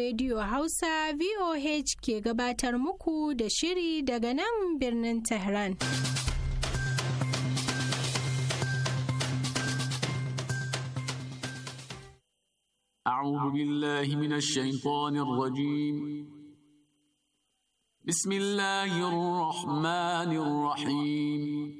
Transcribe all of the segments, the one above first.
Radiyo Hausa VOH ke gabatar muku da shiri daga nan birnin tehran A'a wajen yi tafiya da shi a cikin wani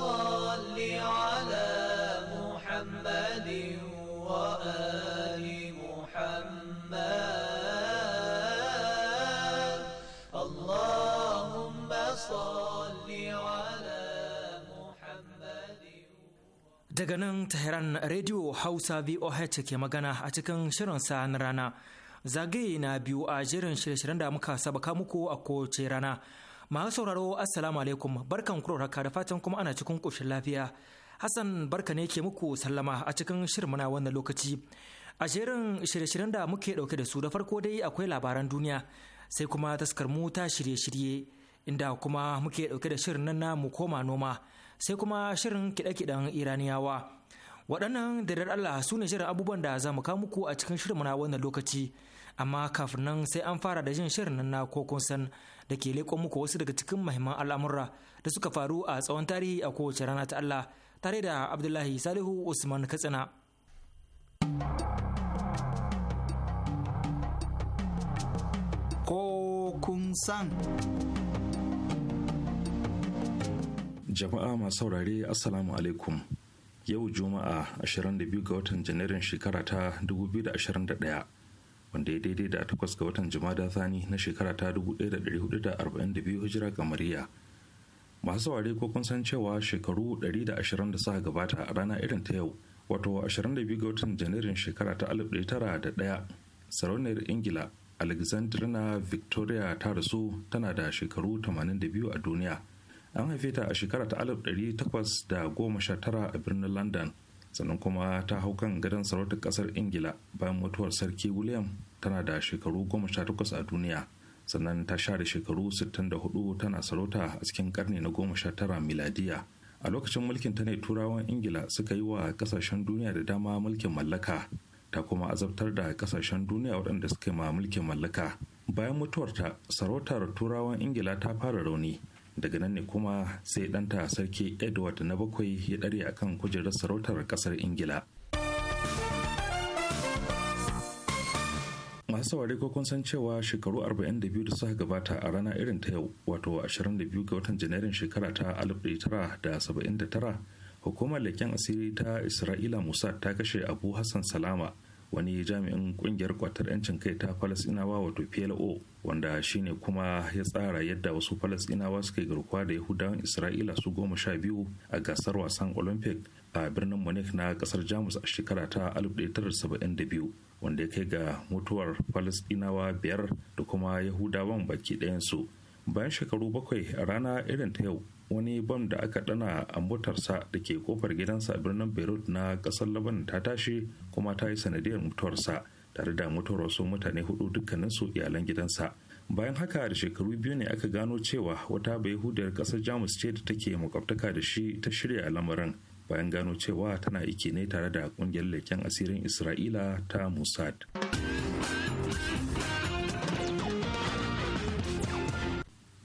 صل على محمد وآل محمد اللهم صل على daga nan Tehran Radio Hausa VOH ke magana a cikin shirinsa na rana zagaye na biyu a jerin shirye-shiryen da muka sabaka muku a kowace rana Masu sauraro Assalamu alaikum barkan kuroraka da fatan kuma ana cikin koshin lafiya. Hassan barka ne ke muku sallama a cikin shirin na wannan lokaci. A jerin shirye-shiryen da muke ɗauke da su da farko dai akwai labaran duniya sai kuma taskar mu ta shirye-shirye inda kuma muke ɗauke da shirin nan namu mu koma noma sai kuma shirin kiɗe-kiɗen Iraniyawa. Waɗannan da Allah su ne shirin abubuwan da za mu kawo muku a cikin shirin na wannan lokaci. amma kafin nan sai an fara da jin shirin nan na kokon san da ke leƙo muku wasu daga cikin mahimman al'amura da suka faru a tsawon tarihi a kowace rana ta Allah tare da Abdullahi Salihu Usman Katsina. Kokun san. Jama'a masu saurare Assalamu alaikum. Yau Juma'a 22 ga watan Janairun shekara ta 2021 wanda ya daidai da takwas ga watan jumada thani na shekara ta 1442 hijira kamariya masu saurare ko kun san cewa shekaru 120 da suka gabata a rana irin ta yau wato 22 ga watan janairun shekara ta 1901 sarauniyar ingila alexandrina victoria ta rasu tana da shekaru 82 a duniya an haife ta a shekara ta 1819 a birnin london sannan kuma ta hau kan gadon sarautar kasar ingila bayan mutuwar sarki william tana da shekaru goma sha takwas a duniya sannan ta share shekaru da 64 tana sarauta a cikin karni na goma sha tara miladiya a lokacin mulkin ta ne turawan ingila suka yi wa kasashen duniya da dama mulkin mallaka ta kuma azabtar da kasashen duniya waɗanda suka yi ma mulkin mallaka bayan mutuwarta sarautar turawan ingila ta fara rauni daga nan ne kuma sai danta sarki edward na bakwai ya a akan kujerar sarautar kasar ingila masu saurari ko kun san cewa shekaru 42 da suka gabata a rana irin ta yau wato 22 ga watan janairun shekara ta 1979 hukumar leken asiri ta isra'ila musa ta kashe abu hassan salama wani jami'in ƙungiyar kwatar 'yancin kai ta falasinawa wato plo wanda shine kuma ya tsara yadda wasu falasdinawa suka garkuwa da yahudawan isra'ila su goma sha biyu a gasar wasan olympic a birnin munich na kasar jamus a shekara ta 1972 wanda ya kai ga mutuwar falasɗinawa biyar da kuma yahudawan baki ɗayansu bayan shekaru bakwai a rana irin ta yau wani bam da aka dana a motarsa da ke kofar gidansa a birnin beirut na kasar laban ta tashi kuma ta yi sanadiyar mutuwarsa tare da mutuwar wasu mutane hudu dukkaninsu iyalan gidansa bayan haka da shekaru biyu ne aka gano cewa wata bayahudiyar kasar jamus ce da take makwabtaka da shi ta shirya lamarin bayan gano cewa tana iki ne tare da kungiyar leken asirin isra'ila ta musad.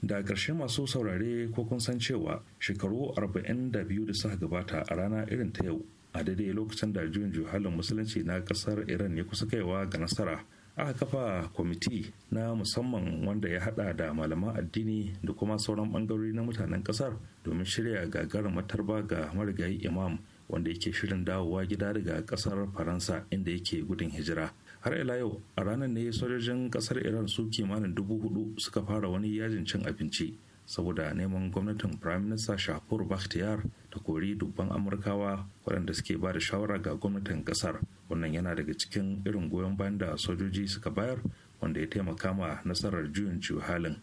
da ƙarshe masu saurare ko kun san cewa shekaru 42 da suka gabata a rana irin ta yau a daidai lokacin da juyin juhalin musulunci na kasar iran ya kusa kaiwa ga nasara aka kafa kwamiti na musamman wanda ya hada da malaman addini da kuma sauran bangarori na mutanen kasar domin shirya gagarin matarba ga marigayi imam wanda yake shirin dawowa gida daga kasar faransa inda yake gudun hijira har ila yau a ranar ne sojojin kasar iran su kimanin dubu hudu suka fara wani yajin cin abinci saboda neman gwamnatin prime minister shakur bakhtiyar ta kori dubban amurkawa waɗanda suke ba da shawara ga gwamnatin ƙasar wannan yana daga cikin irin goyon bayan da sojoji suka bayar wanda ya taimaka ma nasarar juyin halin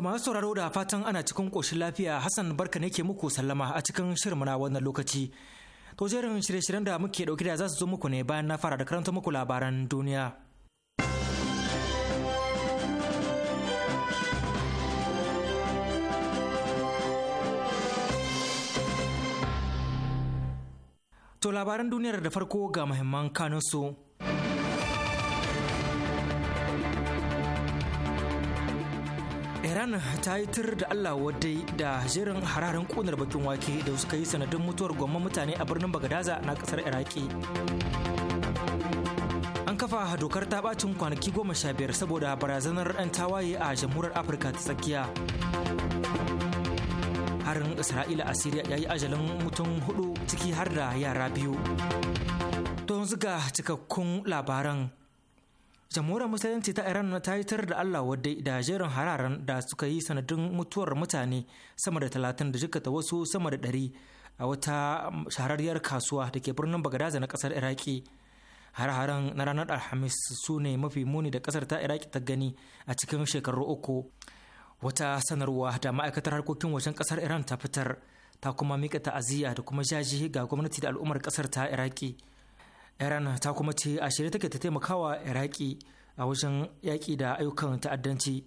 To masu sauraro da fatan ana cikin ƙoshin lafiya Hassan barka ne ke muku sallama a cikin shirin na wannan lokaci. To jerin shirye-shiryen da muke ɗauki da za su zo muku ne bayan na fara da karanta muku labaran duniya. To labaran duniyar da farko ga muhimman kanunsu. Iran ta yi tur da Allah wadai da jerin hararin kunar bakin wake da suka yi sanadin mutuwar gwamman mutane a birnin Bagadaza na kasar Iraki. An kafa dokar ta bacin kwanaki goma sha biyar saboda barazanar 'yan tawaye a Jamhurar Afirka ta tsakiya. Harin Isra'ila a Siriya ya yi ajalin mutum hudu ciki har da yara biyu. Don zuga cikakkun labaran jamhuriyar musulunci ta iran ta yi tar da allah wadai da jerin hararen da suka yi sanadin mutuwar mutane sama da talatin da jikata wasu sama da ɗari a wata shahararriyar kasuwa da ke birnin bagadaza na kasar iraki har na ranar alhamis su ne mafi muni da ƙasar ta iraki ta gani a cikin shekaru uku wata sanarwa da ma'aikatar harkokin wajen kasar iran ta fitar ta kuma mika ta'aziyya da kuma jaji ga gwamnati da al'ummar ƙasar ta iraki iran ta kuma ce a shirye take ta taimakawa iraki a wajen yaƙi da ayyukan ta'addanci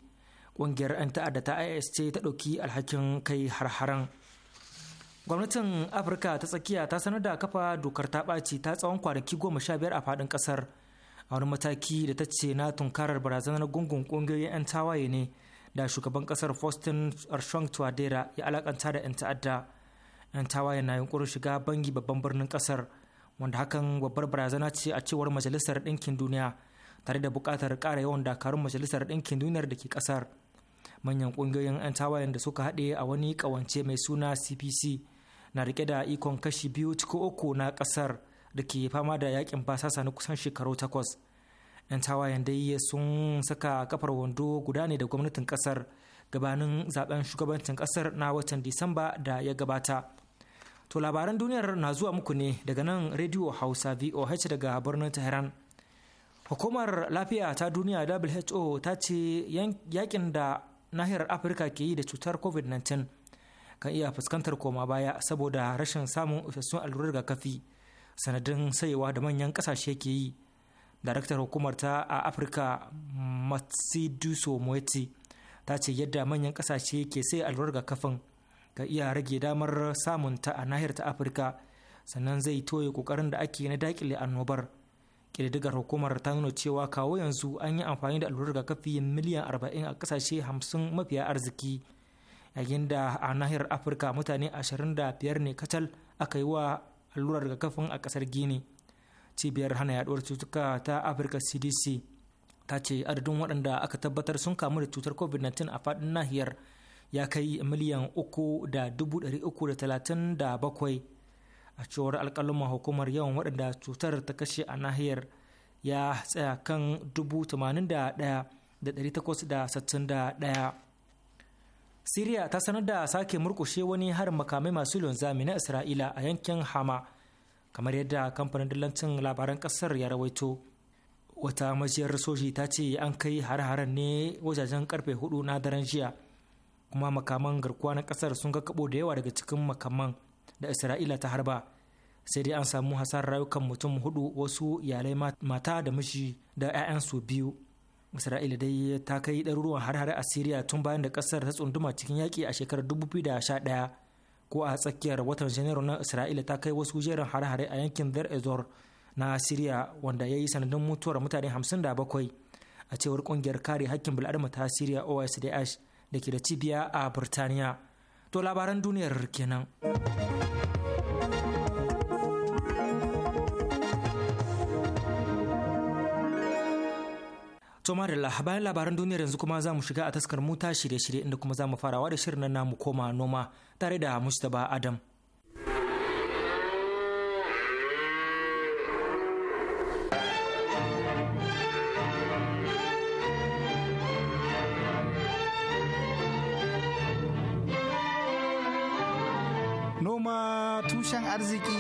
ƙungiyar 'yan ta'adda ta is ce ta ɗauki alhakin kai har-haren gwamnatin afirka ta tsakiya ta sanar da kafa dokar ta ɓaci ta tsawon kwanaki goma sha biyar a faɗin ƙasar a wani mataki da ta ce na tunkarar barazanar gungun ƙungiyoyin 'yan tawaye ne da shugaban ƙasar faustin arshon tuadera ya alakanta da 'yan ta'adda 'yan tawaye na yunkurin shiga bangi babban birnin ƙasar wanda hakan babbar barazana ce a cewar majalisar ɗinkin duniya tare da buƙatar ƙara yawan dakarun majalisar ɗinkin duniyar da ke ƙasar manyan ƙungiyoyin 'yan tawayen da suka haɗe a wani ƙawance mai suna cpc na rike da ikon kashi biyu cikin uku na ƙasar da ke fama da yakin basasa na kusan shekaru takwas 'yan tawayen dai sun saka kafar wando guda ne da gwamnatin ƙasar gabanin zaben shugabancin ƙasar na watan disamba da ya gabata To labaran duniyar na zuwa muku ne daga nan Radio Hausa VOH daga birnin Tehran. Hukumar lafiya ta duniya WHO ta ce yakin da nahiyar Afirka ke yi da cutar COVID-19 kan iya fuskantar koma baya saboda rashin samun isassun allurar kafi sanadin sayewa da manyan kasashe ke yi. Daraktar hukumar ta a Afirka Matsiduso Moeti ta ce yadda manyan kasashe ke sai allurar rigakafin kafin ga iya rage damar samun ta a nahiyar ta afirka sannan zai toye kokarin da ake na dakile annobar ƙididdigar hukumar ta nuna cewa kawo yanzu an yi amfani da allurar rigakafi miliyan 40 a kasashe 50 mafiya arziki yayin da a nahiyar afirka mutane 25 ne kacal aka yi wa allurar rigakafin a kasar gini cibiyar hana yaduwar cutuka ta afirka cdc ta ce adadin waɗanda aka tabbatar sun kamu da cutar covid-19 a faɗin nahiyar ya kai miliyan uku da dubu ɗari uku da talatin da bakwai a cewar alƙaluma hukumar yawan waɗanda cutar ta kashe a nahiyar ya tsaya kan dubu tamanin da ɗaya da ɗari takwas da sittin da ɗaya siriya ta sanar da sake murƙushe wani harin makamai masu linzami na isra'ila a yankin hama kamar yadda kamfanin dillancin labaran ƙasar ya rawaito wata majiyar soji ta ce an kai har-haren ne wajajen karfe hudu na daren jiya kuma makaman garkuwa na kasar sun ga kabo da yawa daga cikin makaman da isra'ila ta harba sai dai an samu hasar rayukan mutum hudu wasu iyalai mata da mishi da 'ya'yansu biyu isra'ila dai ta kai ɗaruruwan har-hare a siriya tun bayan da kasar ta tsunduma cikin yaƙi a shekarar 2011 ko a tsakiyar watan janairu na isra'ila ta kai wasu jerin har-hare a yankin der ezor na siriya wanda ya yi sanadin mutuwar mutane 57 a cewar ƙungiyar kare hakkin bil'adama ta siriya osdh da ke da cibiya a Burtaniya. To labaran duniyar kenan. To Marilla, bayan labaran duniyar yanzu kuma za mu shiga a taskar mu ta shirye-shirye inda kuma za mu farawa da shirin na namu koma noma tare da Mustapha Adam. arziki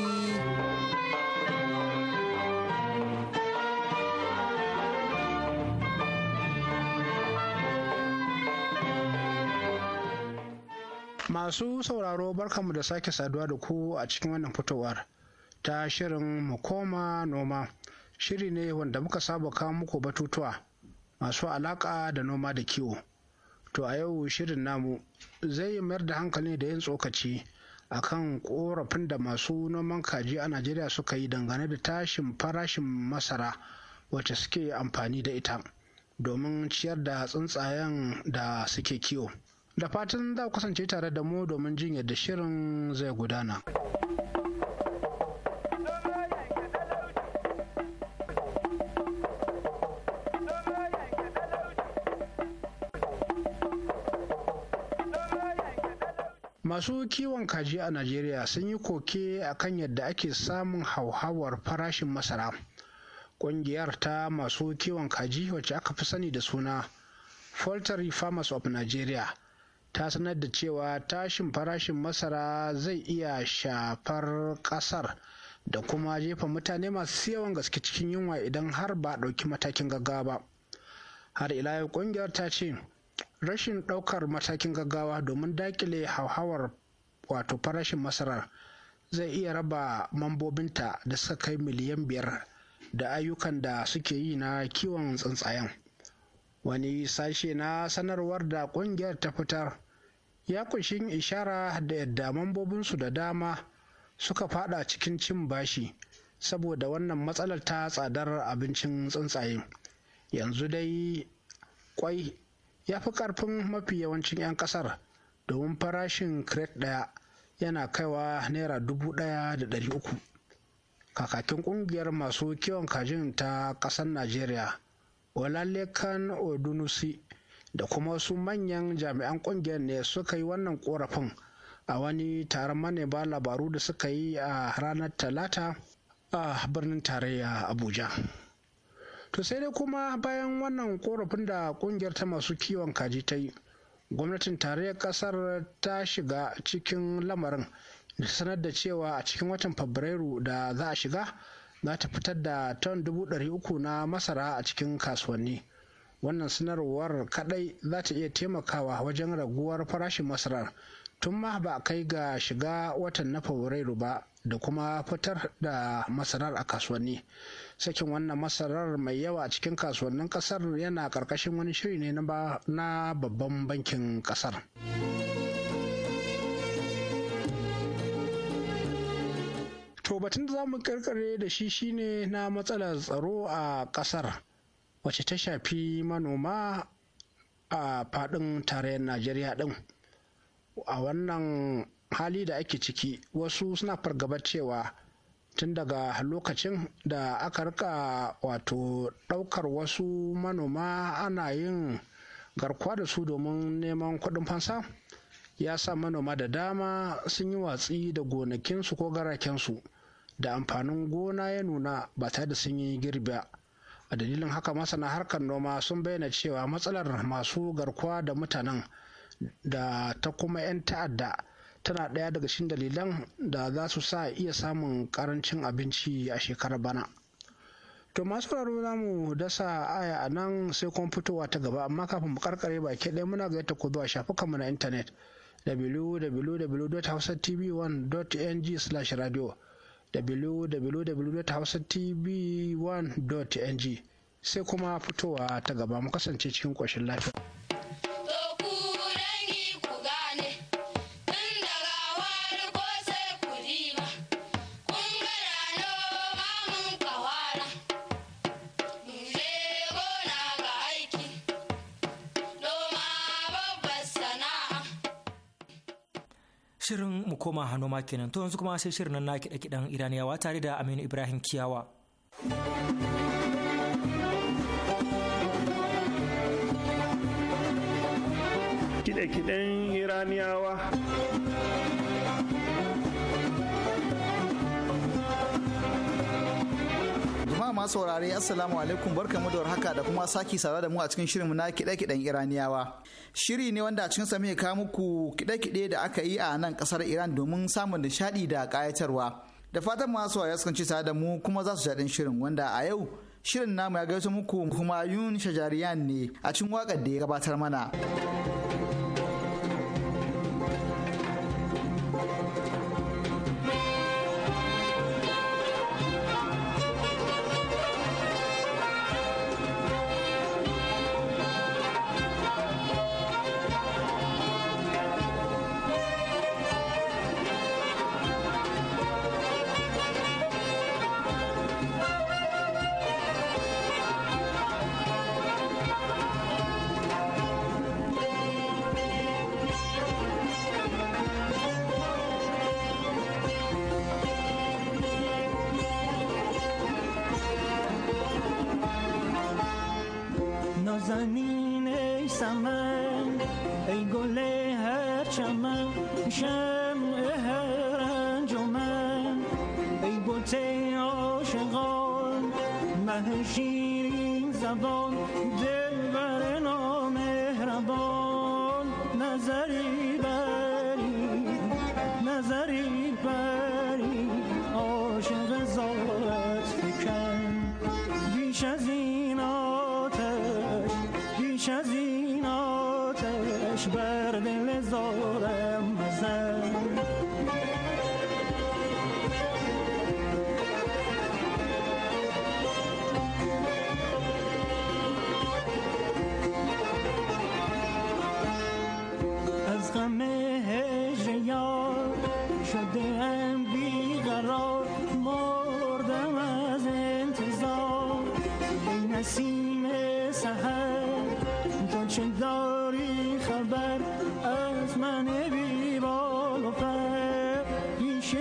masu sauraro barkanmu da sake saduwa da ku a cikin wannan fitowar ta shirin mu koma noma shiri ne wanda muka saba kawo muku batutuwa masu alaka da noma da kiwo to a yau shirin namu zai mayar da hankali da yin tsokaci akan korafin da masu noman kaji a najeriya suka yi dangane da tashin farashin masara wacce suke amfani da ita domin ciyar da tsuntsayen da suke kiwo da fatan za ku kasance tare da mu domin jin yadda shirin zai gudana. masu kiwon kaji a najeriya sun yi koke akan yadda ake samun hauhawar farashin masara ƙungiyar ta masu kiwon kaji wacce aka fi sani da suna poultry farmers of nigeria ta sanar da cewa tashin farashin masara zai iya shafar ƙasar da kuma jefa mutane masu siyawan gaske cikin yunwa idan har ba a ɗauki matakin gaggawa ba har ila yau ƙungiyar ta ce rashin ɗaukar matakin gaggawa domin daƙile hauhawar wato farashin masarar zai iya raba mambobinta da suka kai miliyan biyar da ayyukan da suke yi na kiwon tsuntsayen wani sashe na sanarwar da ƙungiyar ta fitar ya kunshi ishara da yadda mambobinsu da dama suka fada cikin cin bashi saboda wannan matsalar ta tsadar abincin tsuntsaye yanzu dai kwai ya fi ƙarfin mafi yawancin 'yan ƙasar domin farashin crate ɗaya yana kaiwa naira dubu ɗaya da ɗari uku kakakin ƙungiyar masu kiwon kajin ta ƙasar najeriya olalekan odunusi da kuma wasu manyan jami'an ƙungiyar ne suka yi wannan ƙorafin a wani taron manema labaru da suka yi a ranar talata a birnin tarayya abuja to sai dai kuma bayan wannan korafin da kungiyar ta masu kiwon kaji ta yi gwamnatin tarayyar kasar ta shiga cikin lamarin da sanar da cewa a cikin watan fabrairu da za a shiga za ta fitar da ton dubu uku na masara a cikin kasuwanni wannan sanarwar kadai za ta iya taimakawa wajen raguwar farashin masarar tun ma ba a kai ga shiga watan na fabrairu ba da kuma fitar da masarar a kasuwanni sakin wannan masarar mai yawa a cikin kasuwannin kasar yana karkashin wani shiri ne na babban bankin kasar to batun da za mu karkare da shi shine na matsalar tsaro a kasar wacce ta shafi manoma a faɗin tarayyar najeriya din? a wannan hali da ake ciki wasu suna fargabar cewa tun daga lokacin da aka rika wato daukar wasu manoma ana yin garkuwa da su domin neman kuɗin fansa ya sa manoma da dama sun yi watsi da gonakinsu ko garakensu da amfanin gona ya nuna ba tare da sun yi girbi ba a dalilin haka masana harkar noma sun bayyana cewa matsalar masu garkuwa da mutanen da ta kuma 'yan ta'adda tana ɗaya daga cikin dalilan da za su sa iya samun ƙarancin abinci a shekarar bana to masu raro mu dasa aya a nan sai kuma fitowa ta gaba amma kafin mu karkare baki ɗaya muna ga yadda ku zuwa shafukanmu na intanet www.hausatv1.ng/radio www.hausatv1.ng sai kuma fitowa ta gaba mu kasance cikin koshin lafiya koma noma kenan to yanzu kuma sai shirin na kiɗe kiɗan iraniyawa tare da aminu ibrahim kiyawa kiɗe-kiɗen iraniyawa ma masu saurare assalamu alaikum mu da warhaka da kuma saki sara da mu a cikin shirin na kiɗe-kiɗen iraniyawa shiri ne wanda a cikin sa muke kawo muku kiɗe-kiɗe da aka yi a nan kasar iran domin samun nishaɗi da kayatarwa da fatan masu saurare sukan ci da mu kuma za su jaɗin shirin wanda a yau shirin namu ya gaisa muku kuma yun shajariyan ne a cikin waƙar da ya gabatar mana. زمین ای سمن ای گل هر چمن شمع هر انجمن ای بوته عاشقان مه شیرین زبان از غم هجر یار شده ام بیقرار مردم از انتظار ای نسیم سحر تو چه داری خبر از من بی بال و پر پیش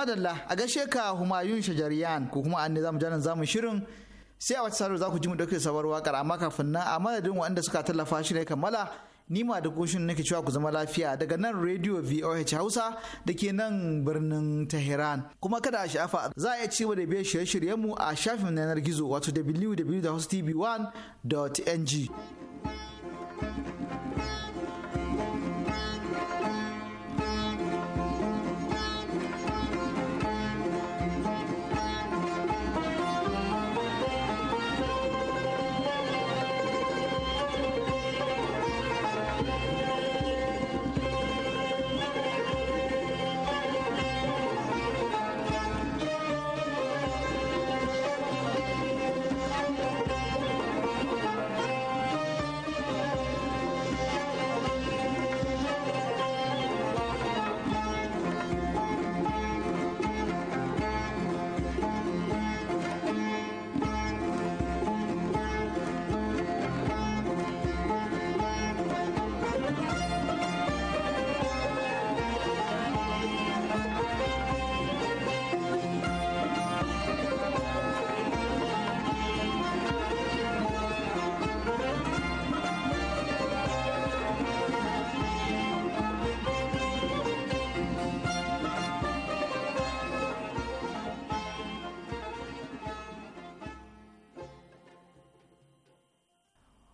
madalla a gaishe ka humayun shajariyan ko kuma an ne zamu janin zamu shirin sai a wata sarar za ku ji mu dauke sabar wakar amma kafin nan a madadin waɗanda suka tallafa shi ne kammala ni ma da goshin nake cewa ku zama lafiya daga nan radio VOH Hausa da ke nan birnin Tehran kuma kada a sha'afa za a iya ci da biyar shirye-shiryenmu a shafin yanar gizo wato wwwtv 1ng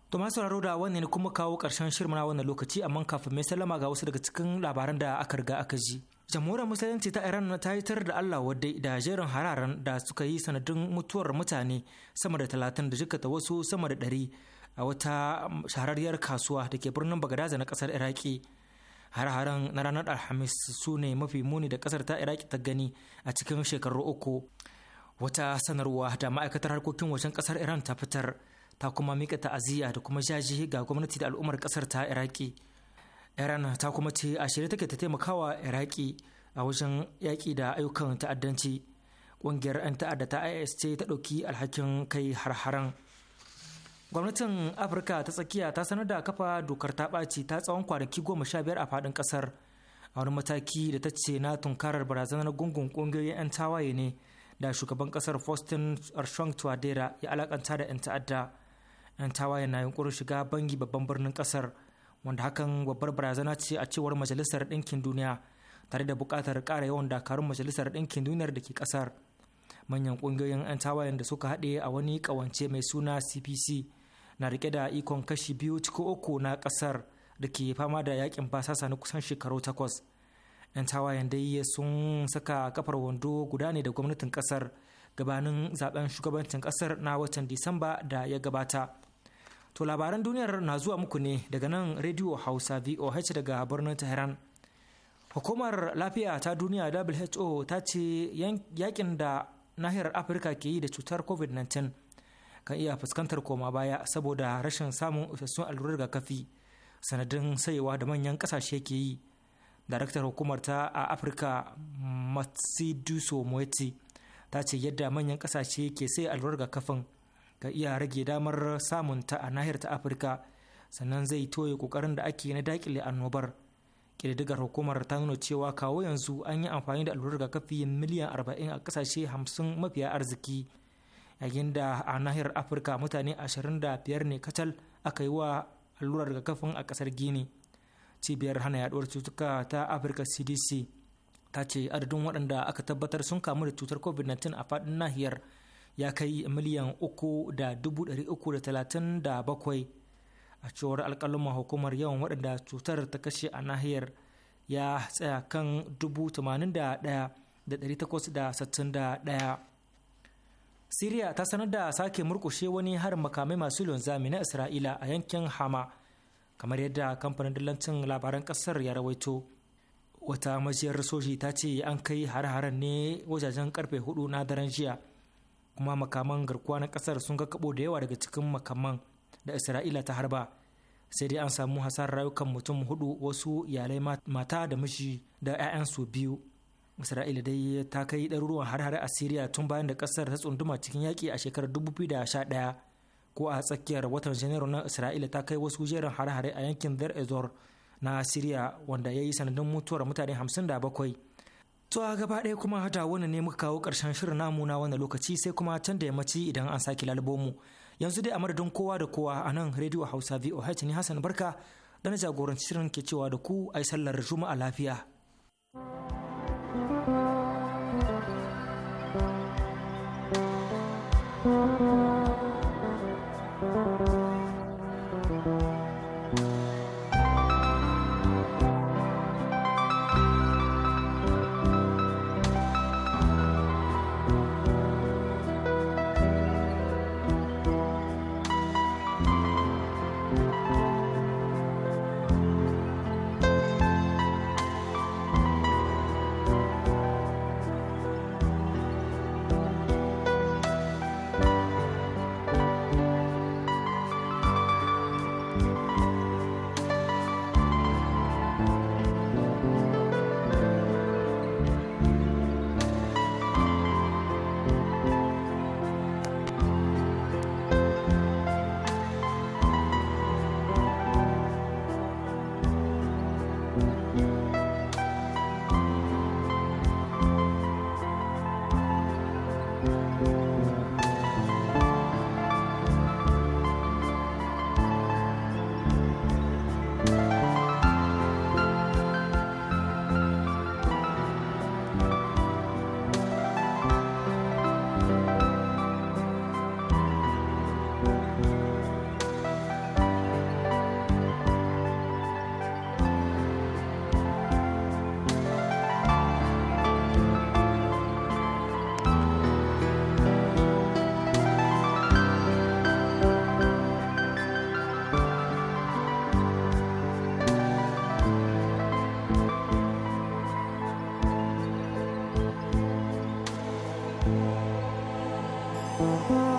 To masu sauraro da wannan ne kuma kawo karshen shirin na wannan lokaci amma kafin mai sallama ga wasu daga cikin labaran da aka riga aka ji. Jamhuriyar Musulunci ta Iran ta yi tar da Allah wadai da jerin hararan da suka yi sanadin mutuwar mutane sama da talatin da jikata wasu sama da ɗari a wata shahararriyar kasuwa da ke birnin Bagadaza na ƙasar Iraki. Har-haren na ranar Alhamis su ne mafi muni da ƙasar ta Iraki ta gani a cikin shekaru uku. Wata sanarwa da ma'aikatar harkokin wajen ƙasar Iran ta fitar. ta kuma mika ta'aziyya da kuma jaji ga gwamnati da al'ummar kasar ta iraki iran ta kuma ce a shirye take ta taimakawa iraki a wajen yaƙi da ayyukan ta'addanci ƙungiyar 'yan ta'adda ta is ce ta ɗauki alhakin kai har-haren gwamnatin afirka ta tsakiya ta sanar da kafa dokar ta ɓaci ta tsawon kwanaki goma sha biyar a faɗin ƙasar a wani mataki da ta ce na tunkarar barazanar gungun ƙungiyoyin 'yan tawaye ne da shugaban ƙasar faustin arshong tuadera ya alakanta da 'yan ta'adda 'yan tawayen na yunkurin shiga bangi babban birnin kasar wanda hakan babbar barazana ce a cewar majalisar ɗinkin duniya tare da buƙatar ƙara yawan dakarun majalisar ɗinkin duniyar da ke ƙasar manyan ƙungiyoyin 'yan tawayen da suka haɗe a wani ƙawance mai suna cpc na rike da ikon kashi biyu cikin uku na ƙasar da ke fama da yakin basasa na kusan shekaru takwas 'yan tawayen dai sun saka kafar wando guda ne da gwamnatin ƙasar gabanin zaben shugabancin ƙasar na watan disamba da ya gabata To labaran duniyar na zuwa muku ne daga nan Radio Hausa VOH daga birnin Tehran. Hukumar lafiya ta duniya WHO ta ce yakin da nahiyar Afirka ke yi da cutar COVID-19 kan iya fuskantar koma baya saboda rashin samun isassun allurar kafi sanadin sayewa da manyan kasashe ke yi. Daraktar hukumar ta a Afirka Matsiduso Moeti ta ce yadda manyan kasashe ke sai allurar rigakafin kafin ka iya rage damar samun ta a nahiyar ta afirka sannan zai toye kokarin da ake na dakile annobar ƙididdigar hukumar ta nuna cewa kawo yanzu an yi amfani da allurar rigakafi miliyan 40 a ƙasashe hamsin mafiya arziki yayin da a nahiyar afirka mutane 25 ne kacal aka yi wa allurar kafin a ƙasar gini cibiyar hana yaduwar cutuka ta afirka cdc ta ce adadin waɗanda aka tabbatar sun kamu da cutar covid-19 a faɗin nahiyar ya kai miliyan uku da dubu ɗari uku da talatin da bakwai a cewar alƙaluma hukumar yawan waɗanda cutar ta kashe a nahiyar ya tsaya kan dubu tamanin da ɗaya da ɗari takwas da sittin da ɗaya siriya ta sanar da sake murƙushe wani harin makamai masu zami na isra'ila a yankin hama kamar yadda kamfanin dillancin labaran ƙasar ya rawaito wata majiyar soji ta ce an kai har-haren ne wajajen karfe hudu na daren jiya kuma makaman garkuwa na kasar sun ga kabo da yawa daga cikin makaman da isra'ila ta harba sai dai an samu hasar rayukan mutum hudu wasu iyalai mata da mishi da 'ya'yansu biyu isra'ila dai ta kai ɗaruruwan har a siriya tun bayan da kasar ta tsunduma cikin yaƙi a shekarar 2011 ko a tsakiyar watan janairu na isra'ila ta kai wasu jerin har a yankin dar ezor na siriya wanda ya yi sanadin mutuwar mutane hamsin da bakwai. To a gaba ɗaya kuma hada wani ne muka kawo ƙarshen shirin namu na wannan lokaci sai kuma can da yammaci idan an sake lalbomu. Yanzu dai a madadin kowa da kowa a nan rediyo Hausa VOH ne Hassan Barka dan jagoranci shirin ke cewa da ku ai sallar Juma'a lafiya. Música